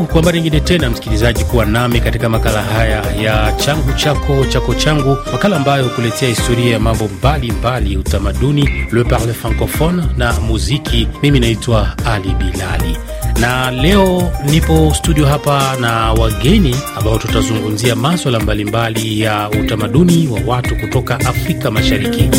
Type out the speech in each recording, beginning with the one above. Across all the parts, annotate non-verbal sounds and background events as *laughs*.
Karibu kwa mara nyingine tena, msikilizaji, kuwa nami katika makala haya ya changu chako chako changu, makala ambayo hukuletea historia ya mambo mbalimbali, utamaduni, le parle francophone na muziki. Mimi naitwa Ali Bilali na leo nipo studio hapa na wageni ambao tutazungumzia maswala mbalimbali ya utamaduni wa watu kutoka Afrika Mashariki.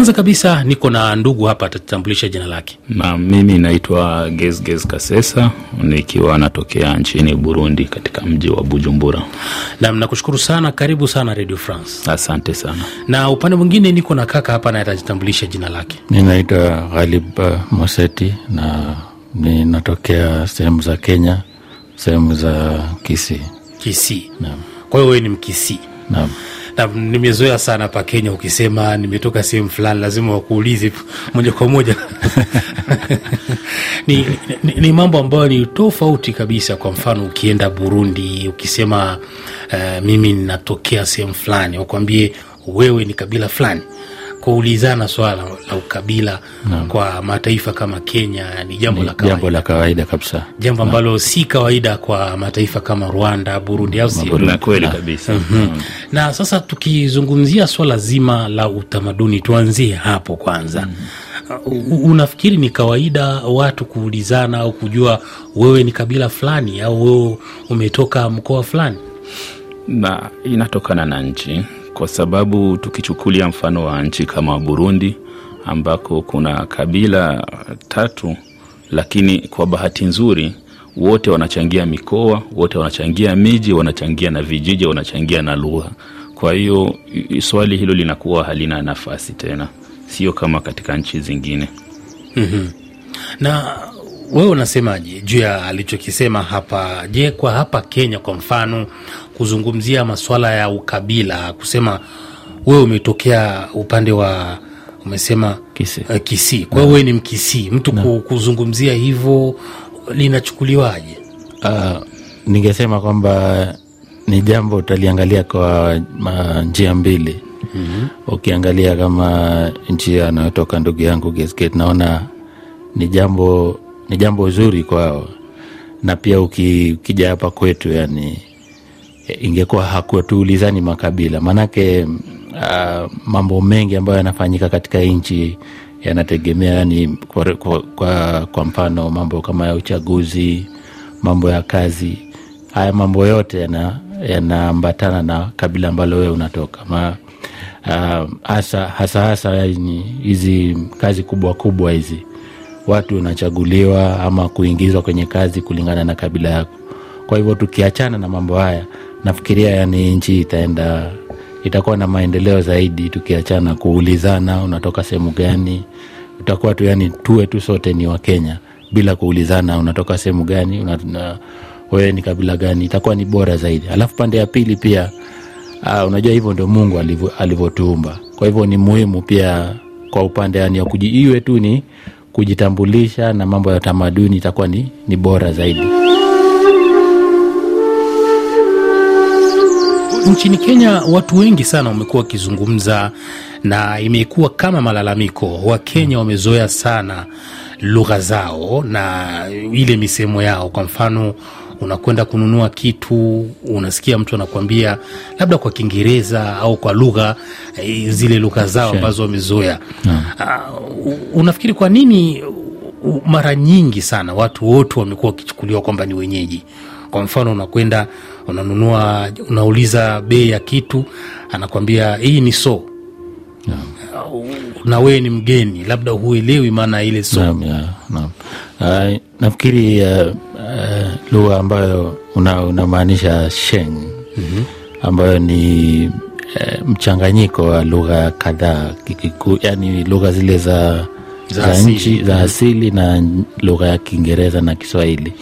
Kwanza kabisa niko na ndugu hapa, atatambulisha jina lake. Na mimi naitwa Gezgez Kasesa nikiwa natokea nchini Burundi katika mji wa Bujumbura. nam nakushukuru sana, karibu sana Radio France. Asante sana. Na upande mwingine niko na kaka hapa, naye atajitambulisha jina lake. mi naitwa Ghalib uh, Moseti na ninatokea sehemu za Kenya, sehemu za Kisii. Kisii, Kwa hiyo wewe ni Mkisii? Naam na nimezoea sana pa Kenya, ukisema nimetoka sehemu fulani lazima wakuulize moja kwa moja *laughs* ni, ni, ni mambo ambayo ni tofauti kabisa. Kwa mfano ukienda Burundi, ukisema uh, mimi ninatokea sehemu fulani, wakuambie wewe ni kabila fulani kuulizana swala la ukabila na kwa mataifa kama Kenya ni jambo la kawaida, jambo la kawaida kabisa, jambo ambalo si kawaida kwa mataifa kama Rwanda, Burundi au si kweli kabisa. Mhm. Na sasa tukizungumzia swala zima la utamaduni, tuanzie hapo kwanza. mm -hmm. Unafikiri ni kawaida watu kuulizana au kujua wewe ni kabila fulani au wewe umetoka mkoa fulani? Na inatokana na nchi kwa sababu tukichukulia mfano wa nchi kama Burundi ambako kuna kabila tatu, lakini kwa bahati nzuri wote wanachangia mikoa, wote wanachangia miji, wanachangia na vijiji, wanachangia na lugha. Kwa hiyo swali hilo linakuwa halina nafasi tena, sio kama katika nchi zingine. mm-hmm. na wewe unasemaje juu ya alichokisema hapa? Je, kwa hapa Kenya kwa mfano, kuzungumzia masuala ya ukabila, kusema wewe umetokea upande wa umesema Kisii, uh, eh, kisi. Kwa hiyo wewe ni Mkisii, mtu na kuzungumzia hivyo linachukuliwaje? Uh, ningesema kwamba ni jambo utaliangalia kwa njia mbili. mm -hmm. Ukiangalia kama njia anayotoka ndugu yangu Gesket, naona ni jambo ni jambo zuri kwao, na pia ukija hapa kwetu yani ingekuwa hakutuulizani makabila, maanake uh, mambo mengi ambayo yanafanyika katika nchi yanategemea yani, kwa, kwa, kwa, kwa mfano mambo kama ya uchaguzi, mambo ya kazi, haya mambo yote yanaambatana yana na kabila ambalo wewe unatoka Ma, uh, hasa hasa hasa yani, hizi kazi kubwa kubwa hizi watu unachaguliwa ama kuingizwa kwenye kazi kulingana na kabila yako. Kwa hivyo tukiachana na mambo haya nafikiria yani nchi itaenda itakuwa na maendeleo zaidi tukiachana kuulizana unatoka sehemu gani utakuwa tu yani tuwe tu sote ni wakenya bila kuulizana unatoka sehemu gani wewe ni kabila gani itakuwa ni bora zaidi alafu pande ya pili pia aa, ah, unajua hivyo ndio mungu alivyotuumba kwa hivyo ni muhimu pia kwa upande yani iwe tu ni kujitambulisha na mambo ya utamaduni itakuwa ni, ni bora zaidi Nchini Kenya watu wengi sana wamekuwa wakizungumza na imekuwa kama malalamiko. Wakenya wamezoea sana lugha zao na ile misemo yao. Kwa mfano, unakwenda kununua kitu, unasikia mtu anakuambia labda kwa Kiingereza au kwa lugha eh, zile lugha zao ambazo wamezoea. Uh, unafikiri kwa nini mara nyingi sana watu wote wamekuwa wakichukuliwa kwamba ni wenyeji? Kwa mfano unakwenda unanunua, unauliza bei ya kitu, anakwambia hii ni so na wewe ni mgeni, labda huelewi maana ile so. Naam, ya, naam. Uh, nafikiri uh, uh, lugha ambayo unamaanisha una sheng mm-hmm. ambayo ni uh, mchanganyiko wa lugha kadhaa, yani lugha zile za za, za nchi za asili na lugha ya Kiingereza na Kiswahili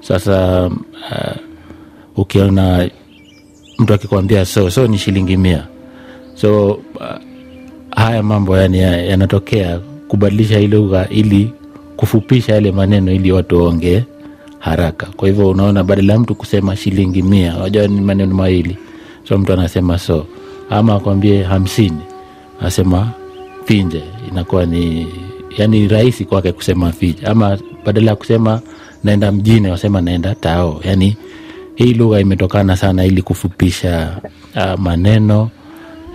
sasa uh, ukiona mtu akikwambia so so ni shilingi mia so uh, haya mambo yani yanatokea ya kubadilisha hii lugha ili kufupisha yale maneno ili watu waongee haraka. Kwa hivyo unaona, badala ya mtu kusema shilingi mia, wajua ni maneno mawili, so mtu anasema so, ama akwambie hamsini, asema finje, inakuwa ni yani rahisi kwake kusema finje, ama badala ya kusema naenda mjini, wasema naenda tao. Yani hii lugha imetokana sana ili kufupisha uh, maneno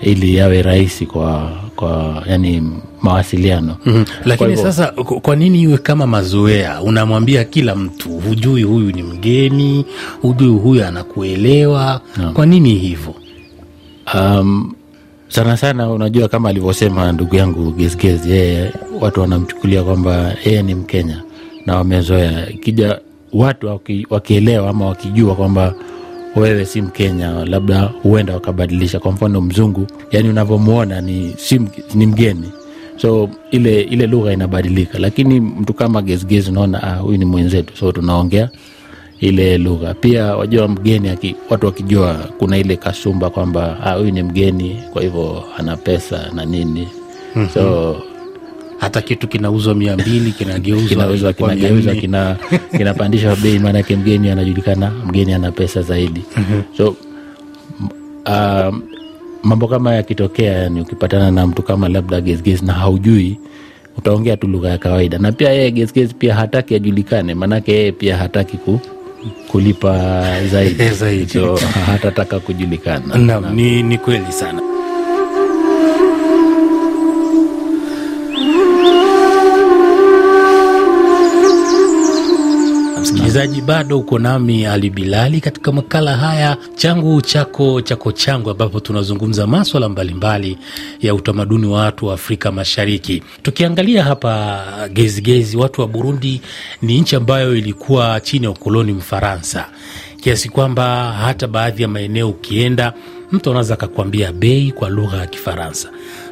ili yawe rahisi kwa kwa yani mawasiliano mm -hmm. Lakini kwa sasa kwa nini iwe kama mazoea? Unamwambia kila mtu, hujui huyu ni mgeni, hujui huyu anakuelewa no. Kwa nini hivyo? Um, sana sana unajua kama alivyosema ndugu yangu Gezgezi, yeye watu wanamchukulia kwamba yeye ni Mkenya na wamezoea. Ikija watu wakielewa ama wakijua kwamba wewe si Mkenya, labda huenda wakabadilisha. Kwa mfano mzungu, yani unavyomwona ni, si, ni mgeni so ile, ile lugha inabadilika, lakini mtu kama gezigezi unaona ah, huyu ni mwenzetu, so tunaongea ile lugha pia. Wajua mgeni aki, watu wakijua kuna ile kasumba kwamba ah, huyu ni mgeni, kwa hivyo ana pesa na nini, mm -hmm. so hata kitu kinauzwa mia mbili kinageuzwa kinageuzwa kina, kinapandishwa bei, maanake mgeni anajulikana, mgeni ana pesa zaidi. mm-hmm. so uh, mambo kama yakitokea, yani ukipatana na mtu kama labda gezgez na haujui utaongea tu lugha ya kawaida, na pia yeye gezgez pia hataki ajulikane, maanake yeye pia hataki ku kulipa zaidi, *laughs* zaidi. So, hatataka kujulikana. Naam, ni, ni kweli sana. msikilizaji, bado uko nami Ali Bilali katika makala haya changu chako chako changu, ambapo tunazungumza maswala mbalimbali ya utamaduni wa watu wa Afrika Mashariki. Tukiangalia hapa gezigezi gezi, watu wa Burundi ni nchi ambayo ilikuwa chini ya ukoloni Mfaransa, kiasi kwamba hata baadhi ya maeneo ukienda mtu anaweza akakuambia bei kwa lugha ya Kifaransa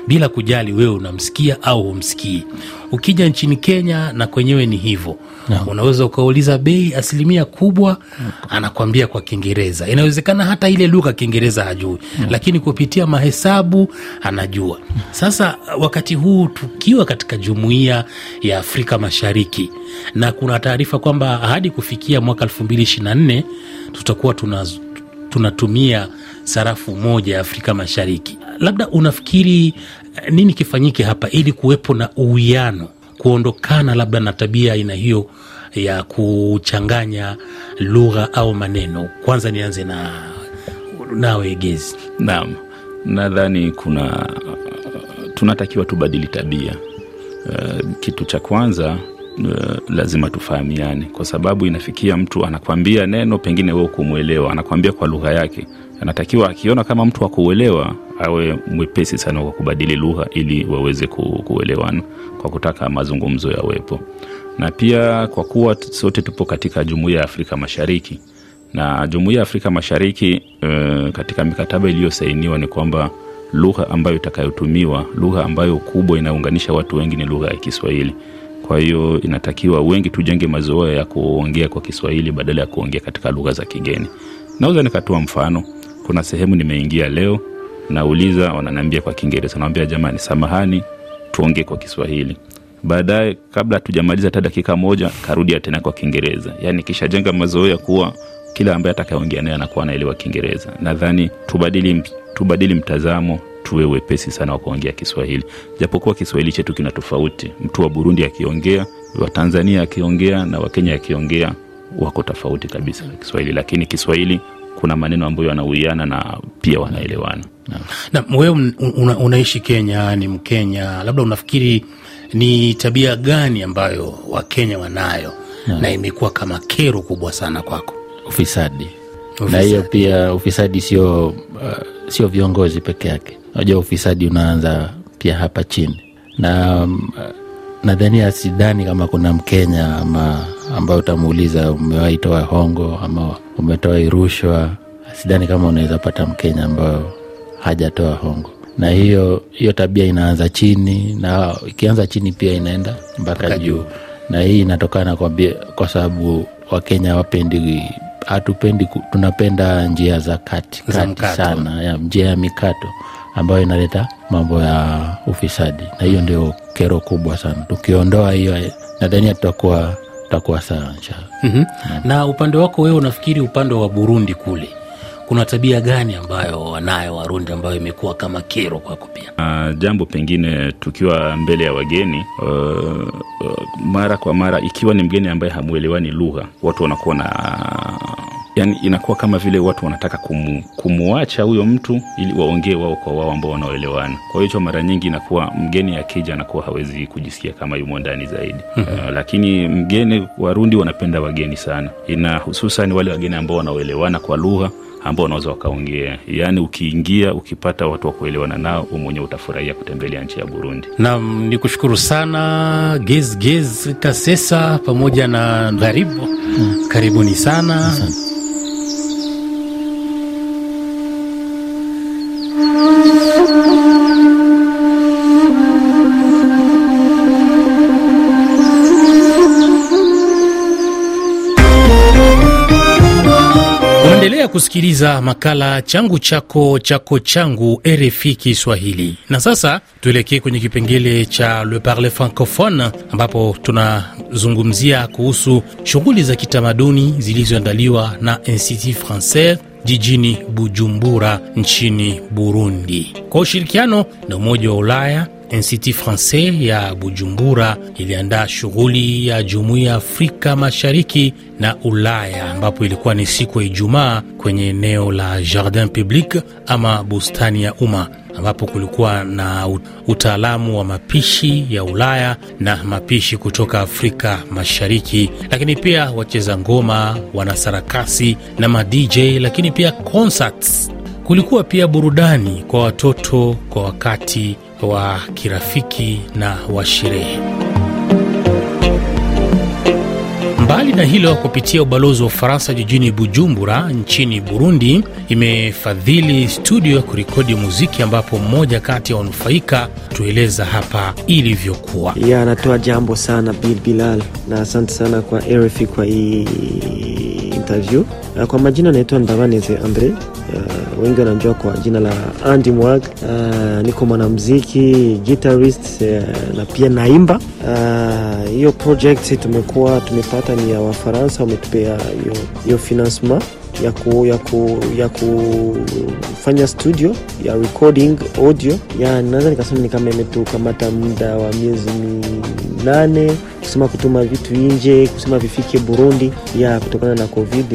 bila kujali wewe unamsikia au humsikii. Ukija nchini Kenya na kwenyewe ni hivyo yeah. Unaweza ukauliza bei, asilimia kubwa anakwambia kwa Kiingereza. Inawezekana hata ile lugha Kiingereza hajui yeah. Lakini kupitia mahesabu anajua. Sasa wakati huu tukiwa katika jumuiya ya Afrika Mashariki na kuna taarifa kwamba hadi kufikia mwaka elfu mbili ishirini na nne tutakuwa tuna tunatumia sarafu moja ya Afrika Mashariki. Labda unafikiri eh, nini kifanyike hapa ili kuwepo na uwiano, kuondokana labda na tabia aina hiyo ya kuchanganya lugha au maneno? Kwanza nianze na nawe Gezi. Naam, nadhani kuna tunatakiwa tubadili tabia. Uh, kitu cha kwanza Eh, lazima tufahamiane, kwa sababu inafikia mtu anakwambia neno pengine we kumwelewa, anakwambia kwa lugha yake. Anatakiwa akiona kama mtu akuelewa, awe mwepesi sana kwa kubadili lugha ili waweze kuelewana, kwa kutaka mazungumzo yawepo. Na pia kwa kuwa sote tupo katika Jumuiya ya Afrika Mashariki na Jumuiya ya Afrika Mashariki e, katika mikataba iliyosainiwa ni kwamba lugha ambayo itakayotumiwa, lugha ambayo kubwa inaunganisha watu wengi ni lugha ya Kiswahili. Kwa hiyo inatakiwa wengi tujenge mazoea ya kuongea kwa Kiswahili badala ya kuongea katika lugha za kigeni. Naweza nikatoa mfano, kuna sehemu nimeingia leo, nauliza, wananiambia kwa Kiingereza, nawambia jamani, samahani, tuongee kwa Kiswahili. Baadaye, kabla tujamaliza hata dakika moja, karudia tena kwa Kiingereza. yani kishajenga mazoea kuwa kila ambaye atakayeongea naye anakuwa anaelewa Kiingereza. Nadhani tubadili, tubadili mtazamo tuwe wepesi sana wa kuongea Kiswahili, japokuwa Kiswahili chetu kina tofauti. Mtu wa Burundi akiongea, wa Tanzania akiongea na Wakenya akiongea wako tofauti kabisa na Kiswahili, lakini Kiswahili kuna maneno ambayo yanauiana na pia wanaelewana. Na wewe una, unaishi Kenya, ni Mkenya, labda unafikiri ni tabia gani ambayo Wakenya wanayo na, na imekuwa kama kero kubwa sana kwako? Ufisadi. Ufisadi. Na hiyo pia ufisadi sio uh, sio viongozi peke yake. Unajua ufisadi unaanza pia hapa chini na um, uh, nadhania sidhani kama kuna Mkenya ama ambayo utamuuliza umewahi toa hongo ama umetoa rushwa, sidhani kama unaweza pata Mkenya ambayo hajatoa hongo. Na hiyo hiyo tabia inaanza chini, na ikianza chini pia inaenda mpaka juu, na hii inatokana kwa, kwa sababu Wakenya wapendi hatupendi tunapenda njia za kati kati sana ya, njia ya mikato ambayo inaleta mambo ya ufisadi na hiyo ndio kero kubwa sana tukiondoa hiyo eh, nadhani tutakuwa tutakuwa sawa inshallah mm-hmm. na upande wako wewe unafikiri upande wa burundi kule kuna tabia gani ambayo wanayo Warundi ambayo imekuwa kama kero kwako pia? Uh, jambo pengine tukiwa mbele ya wageni uh, uh, mara kwa mara, ikiwa ni mgeni ambaye hamwelewani lugha, watu wanakuwa na yani inakuwa kama vile watu wanataka kumu, kumwacha huyo mtu ili waongee wao kwa wao ambao wanaoelewana. Kwa hiyo hicho mara nyingi inakuwa mgeni akija anakuwa hawezi kujisikia kama yumo ndani zaidi. Mhm. Uh, lakini mgeni, Warundi wanapenda wageni sana, ina hususan wale wageni ambao wanaoelewana kwa lugha ambao unaweza wakaongea, yaani ukiingia ukipata watu wa kuelewana nao, u mwenyewe utafurahia kutembelea nchi ya Burundi. Nam ni kushukuru sana Gezgez Kasesa pamoja na dharibu hmm. karibuni sana hmm. kusikiliza makala changu chako chako changu RFI Kiswahili. Na sasa tuelekee kwenye kipengele cha Le Parle Francophone, ambapo tunazungumzia kuhusu shughuli za kitamaduni zilizoandaliwa na Institut Francais jijini Bujumbura nchini Burundi kwa ushirikiano na Umoja wa Ulaya Institut Francais ya Bujumbura iliandaa shughuli ya Jumuiya ya Afrika Mashariki na Ulaya, ambapo ilikuwa ni siku ya Ijumaa kwenye eneo la Jardin Public ama bustani ya umma ambapo kulikuwa na utaalamu wa mapishi ya Ulaya na mapishi kutoka Afrika Mashariki, lakini pia wacheza ngoma, wanasarakasi na madj, lakini pia concerts. Kulikuwa pia burudani kwa watoto kwa wakati wa kirafiki na wa sherehe. Mbali na hilo, kupitia ubalozi wa Ufaransa jijini Bujumbura nchini Burundi, imefadhili studio ya kurekodi muziki ambapo mmoja kati ya wanufaika tueleza hapa ilivyokuwa. Ya anatoa jambo sana Bil Bilal, na asante sana kwa RFI kwa hii interview. Kwa majina anaitwa Ndabaneze Andre wengi wanamjua kwa jina la Andy Mwag. Uh, niko mwanamziki guitarist, uh, na pia naimba. Ah, hiyo uh, project tumekuwa tumepata ni ya Wafaransa, wametupea hiyo financement ya ku, ku, kufanya studio ya recording audio ya, naweza nikasema ni kama imetukamata muda wa miezi nane kusema kutuma vitu nje kusema vifike Burundi ya kutokana na Covid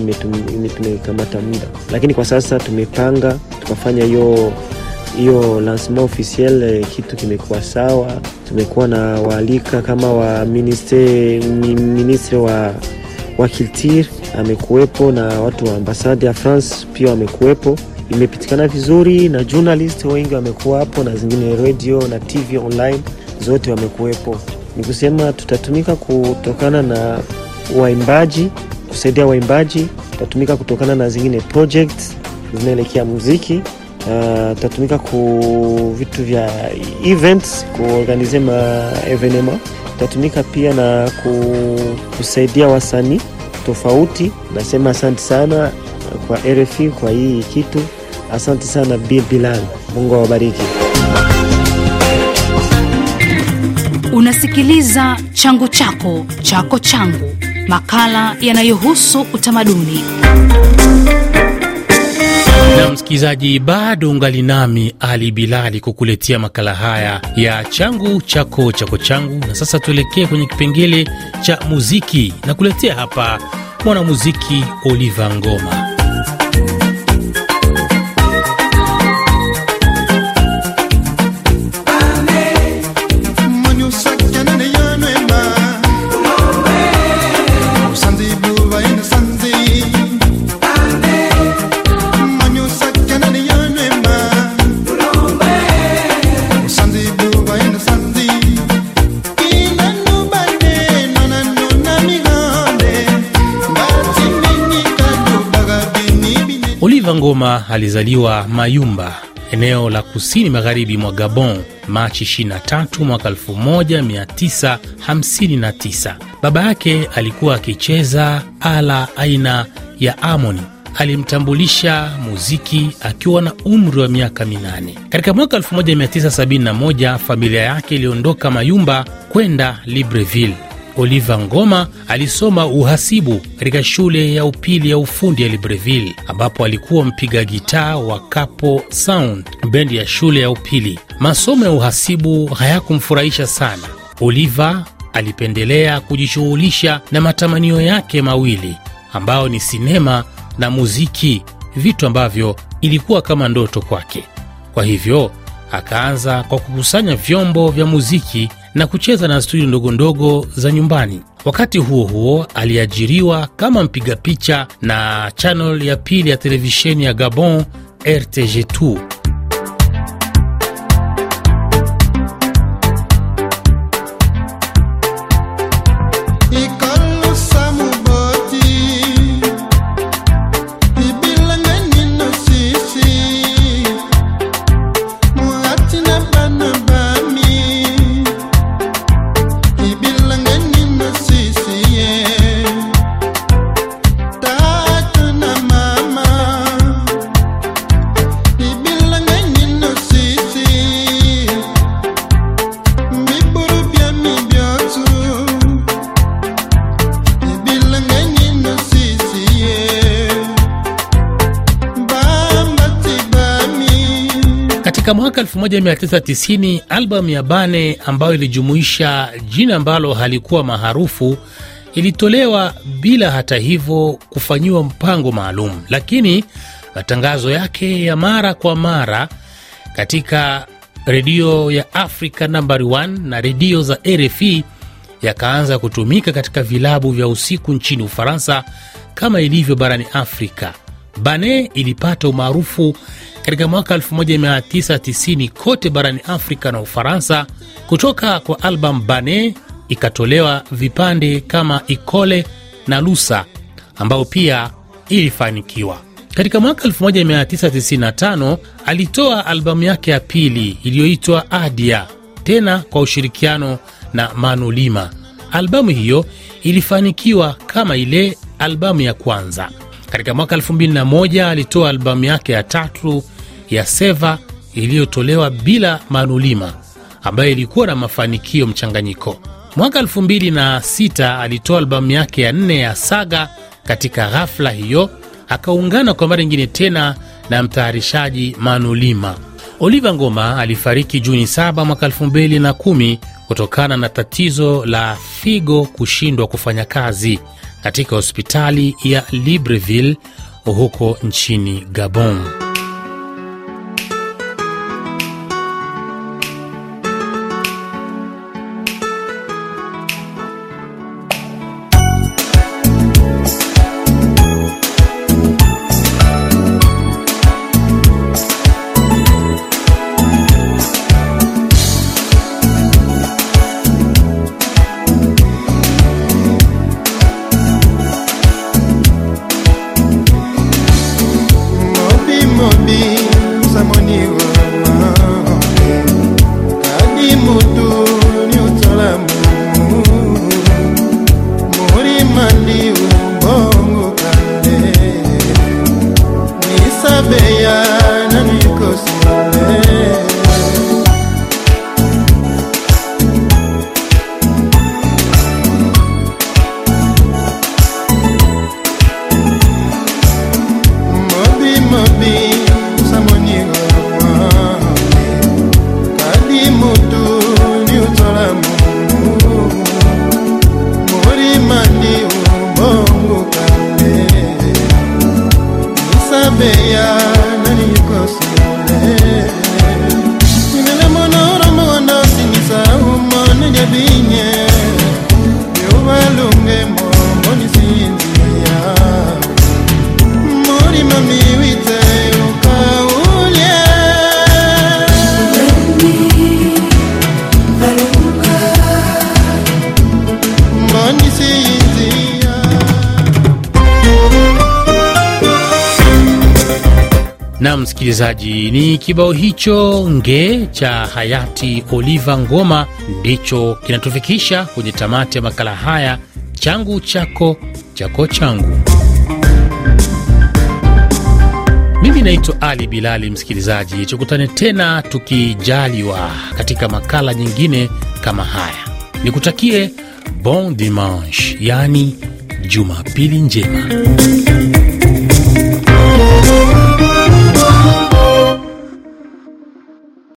tumekamata muda, lakini kwa sasa tumepanga tukafanya hiyo hiyo lancement officiel, eh, kitu kimekuwa sawa. Tumekuwa na waalika kama wa ministre, wa wa kiltir amekuwepo na watu wa ambasade ya France pia wamekuwepo imepitikana vizuri na journalist wengi wamekuwa hapo, na zingine radio na tv online zote wamekuwepo ni kusema tutatumika kutokana na waimbaji, kusaidia waimbaji, tutatumika kutokana na zingine projects zinaelekea muziki Uh, tatumika ku vitu vya events kuorganize ma evenema, tatumika pia na kusaidia wasanii tofauti. Nasema asante sana kwa RFI kwa hii kitu, asante sana Bi Bilal, Mungu awabariki. Unasikiliza Changu Chako Chako Changu, makala yanayohusu utamaduni na msikilizaji, bado ungali nami Ali Bilali kukuletea makala haya ya changu chako chako changu. Na sasa tuelekee kwenye kipengele cha muziki na kuletea hapa mwanamuziki Oliva Ngoma. Oliver Ngoma alizaliwa Mayumba, eneo la kusini magharibi mwa Gabon Machi 23 mwaka 1959. Baba yake alikuwa akicheza ala aina ya amoni. Alimtambulisha muziki akiwa na umri wa miaka minane. Katika mwaka 1971 familia yake iliondoka Mayumba kwenda Libreville Oliva Ngoma alisoma uhasibu katika shule ya upili ya ufundi ya Libreville, ambapo alikuwa mpiga gitaa wa Capo Sound, bendi ya shule ya upili. Masomo ya uhasibu hayakumfurahisha sana. Oliva alipendelea kujishughulisha na matamanio yake mawili ambayo ni sinema na muziki, vitu ambavyo ilikuwa kama ndoto kwake. Kwa hivyo akaanza kwa kukusanya vyombo vya muziki na kucheza na studio ndogo ndogo za nyumbani. Wakati huo huo, aliajiriwa kama mpiga picha na chanel ya pili ya televisheni ya Gabon RTG2. 1990 albamu ya Bane ambayo ilijumuisha jina ambalo halikuwa maarufu ilitolewa bila hata hivyo kufanyiwa mpango maalum, lakini matangazo yake ya mara kwa mara katika redio ya Africa nambari 1 na redio za rf yakaanza kutumika katika vilabu vya usiku nchini Ufaransa kama ilivyo barani Afrika. Bane ilipata umaarufu katika mwaka 1990 kote barani Afrika na Ufaransa. Kutoka kwa albamu Bane ikatolewa vipande kama Ikole na Lusa ambayo pia ilifanikiwa. Katika mwaka 1995 alitoa albamu yake ya pili iliyoitwa Adia, tena kwa ushirikiano na Manulima. Albamu hiyo ilifanikiwa kama ile albamu ya kwanza. Katika mwaka 2001 alitoa albamu yake ya tatu ya seva iliyotolewa bila manulima ambayo ilikuwa na mafanikio mchanganyiko. Mwaka 26 alitoa albamu yake ya nne ya Saga. Katika ghafla hiyo akaungana kwa mara nyingine tena na mtayarishaji Manulima. oliva Ngoma alifariki Juni 7 mwaka 2010 kutokana na tatizo la figo kushindwa kufanya kazi katika hospitali ya Libreville huko nchini Gabon. na msikilizaji, ni kibao hicho nge cha hayati Oliva Ngoma ndicho kinatufikisha kwenye tamati ya makala haya changu chako chako changu. Mimi naitwa Ali Bilali. Msikilizaji, tukutane tena tukijaliwa, katika makala nyingine kama haya. Nikutakie bon dimanche, yani jumapili njema.